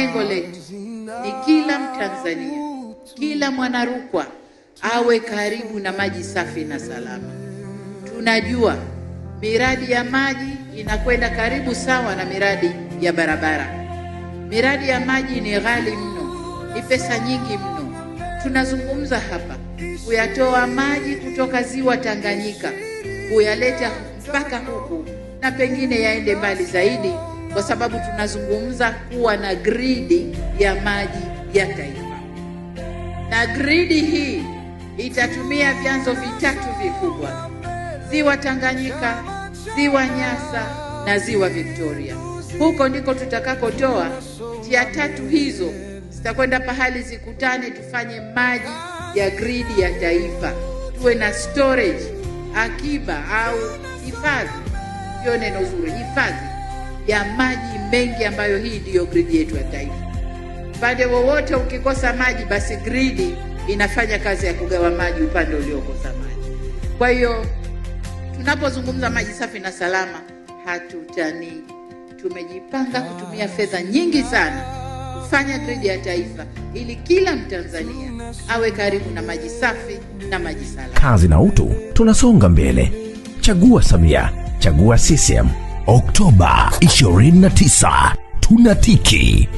Lengo letu ni kila Mtanzania, kila Mwanarukwa awe karibu na maji safi na salama. Tunajua miradi ya maji inakwenda karibu sawa na miradi ya barabara. Miradi ya maji ni ghali mno, ni pesa nyingi mno. Tunazungumza hapa kuyatoa maji kutoka ziwa Tanganyika kuyaleta mpaka huku na pengine yaende mbali zaidi kwa sababu tunazungumza kuwa na gridi ya maji ya taifa, na gridi hii itatumia vyanzo vitatu vikubwa: ziwa Tanganyika, ziwa Nyasa na ziwa Victoria. Huko ndiko tutakakotoa njia tatu hizo, zitakwenda pahali zikutane, tufanye maji ya gridi ya taifa, tuwe na storage, akiba au hifadhi, ndio neno zuri, hifadhi ya maji mengi ambayo hii ndiyo gridi yetu ya taifa. Upande wowote ukikosa maji, basi gridi inafanya kazi ya kugawa maji upande uliokosa maji. Kwa hiyo tunapozungumza maji safi na salama, hatutanii. Tumejipanga kutumia fedha nyingi sana kufanya gridi ya taifa ili kila Mtanzania awe karibu na maji safi na maji salama. Kazi na utu, tunasonga mbele. Chagua Samia, chagua CCM. Oktoba 29 tunatiki.